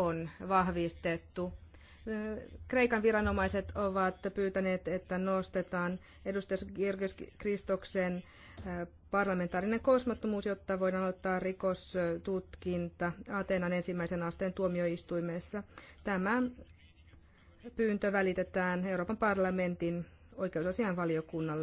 on vahvistettu. Kreikan viranomaiset ovat pyytäneet, että nostetaan edustaja Georgios Kristoksen parlamentaarinen kosmottomuus, jotta voidaan ottaa rikostutkinta Ateenan ensimmäisen asteen tuomioistuimessa. Tämä pyyntö välitetään Euroopan parlamentin oikeusasian valiokunnalle.